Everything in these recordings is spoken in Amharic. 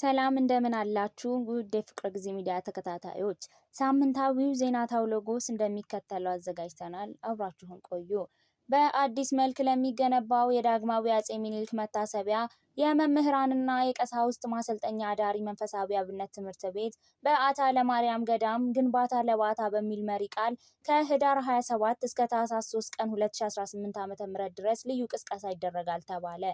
ሰላም እንደምን አላችሁ ውድ የፍቅር ጊዜ ሚዲያ ተከታታዮች፣ ሳምንታዊው ዜና ታውሎጎስ እንደሚከተለው አዘጋጅተናል። አብራችሁን ቆዩ። በአዲስ መልክ ለሚገነባው የዳግማዊ አጼ ሚኒልክ መታሰቢያ የመምህራንና የቀሳውስት ማሰልጠኛ አዳሪ መንፈሳዊ አብነት ትምህርት ቤት በአታ ለማርያም ገዳም ግንባታ ለባታ በሚል መሪ ቃል ከህዳር 27 እስከ ታህሳስ 3 ቀን 2018 ዓ.ም ድረስ ልዩ ቅስቀሳ ይደረጋል ተባለ።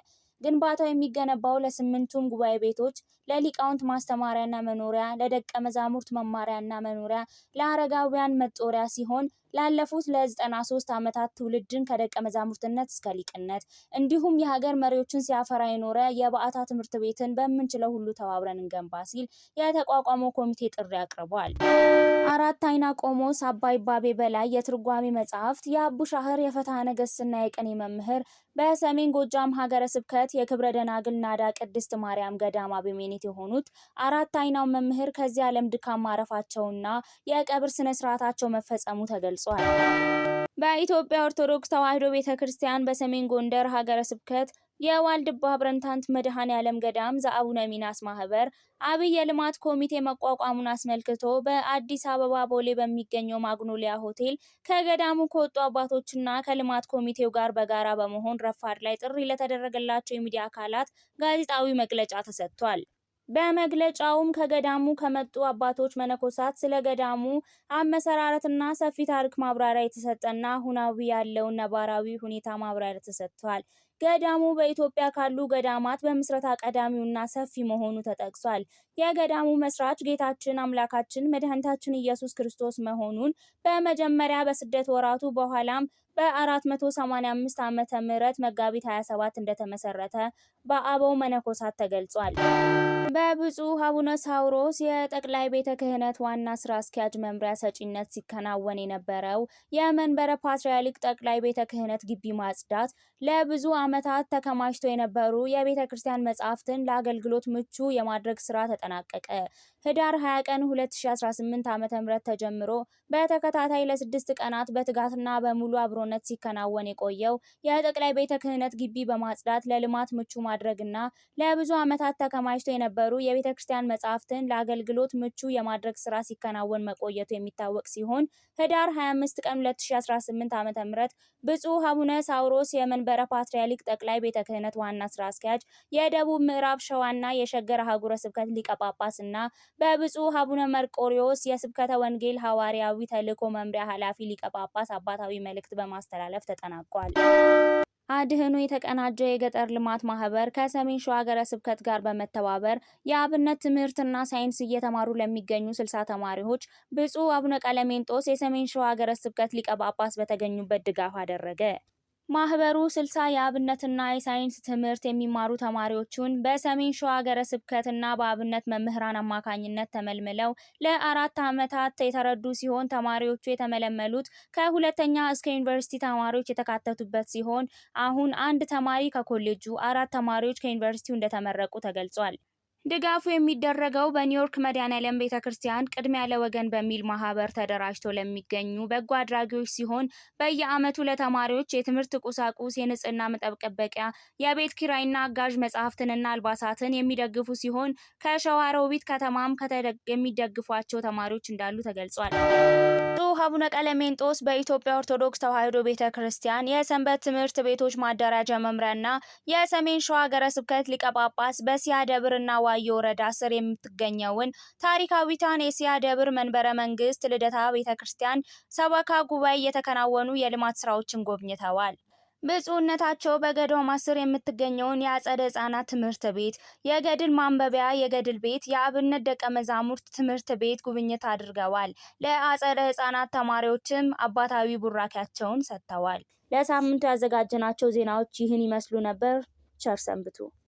ግንባታው የሚገነባው ለስምንቱም ጉባኤ ቤቶች፣ ለሊቃውንት ማስተማሪያና መኖሪያ፣ ለደቀ መዛሙርት መማሪያና መኖሪያ፣ ለአረጋውያን መጦሪያ ሲሆን ላለፉት ለ93 ዓመታት ትውልድን ከደቀ መዛሙርትነት እስከ ሊቅነት እንዲሁም የሀገር መሪዎችን ሲያፈራ የኖረ የባዕታ ትምህርት ቤትን በምንችለው ሁሉ ተባብረን እንገንባ ሲል የተቋቋመው ኮሚቴ ጥሪ አቅርቧል። አራት አይና ቆሞስ አባይ ባቤ በላይ የትርጓሜ መጽሐፍት፣ የአቡሻህር የፈትሐ ነገሥትና የቅኔ መምህር፣ በሰሜን ጎጃም ሀገረ ስብከት የክብረ ደናግል ናዳ ቅድስት ማርያም ገዳም አበምኔት የሆኑት አራት አይናው መምህር ከዚህ ዓለም ድካም ማረፋቸውና የቀብር ስነስርዓታቸው መፈጸሙ ተገልጿል። ገልጿል። በኢትዮጵያ ኦርቶዶክስ ተዋሕዶ ቤተ ክርስቲያን በሰሜን ጎንደር ሀገረ ስብከት የዋልድባ ብረንታንት መድኃኔ ዓለም ገዳም ዘአቡነ ሚናስ ማህበር አብይ የልማት ኮሚቴ መቋቋሙን አስመልክቶ በአዲስ አበባ ቦሌ በሚገኘው ማግኖሊያ ሆቴል ከገዳሙ ከወጡ አባቶችና ከልማት ኮሚቴው ጋር በጋራ በመሆን ረፋድ ላይ ጥሪ ለተደረገላቸው የሚዲያ አካላት ጋዜጣዊ መግለጫ ተሰጥቷል። በመግለጫውም ከገዳሙ ከመጡ አባቶች መነኮሳት ስለ ገዳሙ አመሰራረትና ሰፊ ታሪክ ማብራሪያ የተሰጠና ሁናዊ ያለውን ነባራዊ ሁኔታ ማብራሪያ ተሰጥቷል። ገዳሙ በኢትዮጵያ ካሉ ገዳማት በምስረታ ቀዳሚውና ሰፊ መሆኑ ተጠቅሷል። የገዳሙ መስራች ጌታችን አምላካችን መድኃኒታችን ኢየሱስ ክርስቶስ መሆኑን በመጀመሪያ በስደት ወራቱ በኋላም በ485 ዓመተ ምህረት መጋቢት 27 እንደተመሰረተ በአበው መነኮሳት ተገልጿል። በብፁዕ አቡነ ሳውሮስ የጠቅላይ ቤተ ክህነት ዋና ስራ አስኪያጅ መምሪያ ሰጪነት ሲከናወን የነበረው የመንበረ ፓትርያርክ ጠቅላይ ቤተ ክህነት ግቢ ማጽዳት ለብዙ ዓመታት ተከማችቶ የነበሩ የቤተ ክርስቲያን መጻሕፍትን ለአገልግሎት ምቹ የማድረግ ስራ ተጠናቀቀ። ህዳር 20 ቀን 2018 ም ተጀምሮ በተከታታይ ለስድስት ቀናት በትጋትና በሙሉ አብሮ በአብሮነት ሲከናወን የቆየው የጠቅላይ ቤተ ክህነት ግቢ በማጽዳት ለልማት ምቹ ማድረግና ለብዙ ዓመታት ተከማችቶ የነበሩ የቤተ ክርስቲያን መጻሕፍትን ለአገልግሎት ምቹ የማድረግ ስራ ሲከናወን መቆየቱ የሚታወቅ ሲሆን ህዳር 25 ቀን 2018 ዓ.ም ብፁዕ አቡነ ሳውሮስ የመንበረ ፓትርያርክ ጠቅላይ ቤተ ክህነት ዋና ስራ አስኪያጅ፣ የደቡብ ምዕራብ ሸዋና የሸገር አህጉረ ስብከት ሊቀ ጳጳስና በብፁዕ አቡነ መርቆሪዎስ የስብከተ ወንጌል ሐዋርያዊ ተልእኮ መምሪያ ኃላፊ ሊቀ ጳጳስ አባታዊ መልእክት በማ ማስተላለፍ ተጠናቋል። አድህኑ የተቀናጀው የገጠር ልማት ማህበር ከሰሜን ሸዋ ሀገረ ስብከት ጋር በመተባበር የአብነት ትምህርትና ሳይንስ እየተማሩ ለሚገኙ ስልሳ ተማሪዎች ብፁዕ አቡነ ቀለሜንጦስ የሰሜን ሸዋ ሀገረ ስብከት ሊቀ ጳጳስ በተገኙበት ድጋፍ አደረገ። ማህበሩ ስልሳ የአብነትና የሳይንስ ትምህርት የሚማሩ ተማሪዎቹን በሰሜን ሸዋ ሀገረ ስብከትና በአብነት መምህራን አማካኝነት ተመልምለው ለአራት ዓመታት የተረዱ ሲሆን ተማሪዎቹ የተመለመሉት ከሁለተኛ እስከ ዩኒቨርሲቲ ተማሪዎች የተካተቱበት ሲሆን አሁን አንድ ተማሪ ከኮሌጁ አራት ተማሪዎች ከዩኒቨርሲቲው እንደተመረቁ ተገልጿል። ድጋፉ የሚደረገው በኒውዮርክ መድኃኔዓለም ቤተ ክርስቲያን ቅድሚያ ለወገን በሚል ማህበር ተደራጅቶ ለሚገኙ በጎ አድራጊዎች ሲሆን በየዓመቱ ለተማሪዎች የትምህርት ቁሳቁስ፣ የንጽህና መጠበቂያ፣ የቤት ኪራይና አጋዥ መጽሐፍትንና አልባሳትን የሚደግፉ ሲሆን ከሸዋሮቢት ከተማም የሚደግፏቸው ተማሪዎች እንዳሉ ተገልጿል። አቡነ ቀለሜንጦስ በኢትዮጵያ ኦርቶዶክስ ተዋሕዶ ቤተ ክርስቲያን የሰንበት ትምህርት ቤቶች ማደራጃ መምሪያና የሰሜን ሸዋ ሀገረ ስብከት ሊቀ ጳጳስ በሲያ ደብርና ዋ አባየ ወረዳ ስር የምትገኘውን ታሪካዊቷን የሲያ ደብር መንበረ መንግስት ልደታ ቤተ ክርስቲያን ሰበካ ጉባኤ የተከናወኑ የልማት ስራዎችን ጎብኝተዋል። ብፁዕነታቸው በገዳሙ ስር የምትገኘውን የአጸደ ህጻናት ትምህርት ቤት፣ የገድል ማንበቢያ የገድል ቤት፣ የአብነት ደቀ መዛሙርት ትምህርት ቤት ጉብኝት አድርገዋል። ለአጸደ ህጻናት ተማሪዎችም አባታዊ ቡራኪያቸውን ሰጥተዋል። ለሳምንቱ ያዘጋጀናቸው ዜናዎች ይህን ይመስሉ ነበር። ቸር ሰንብቱ።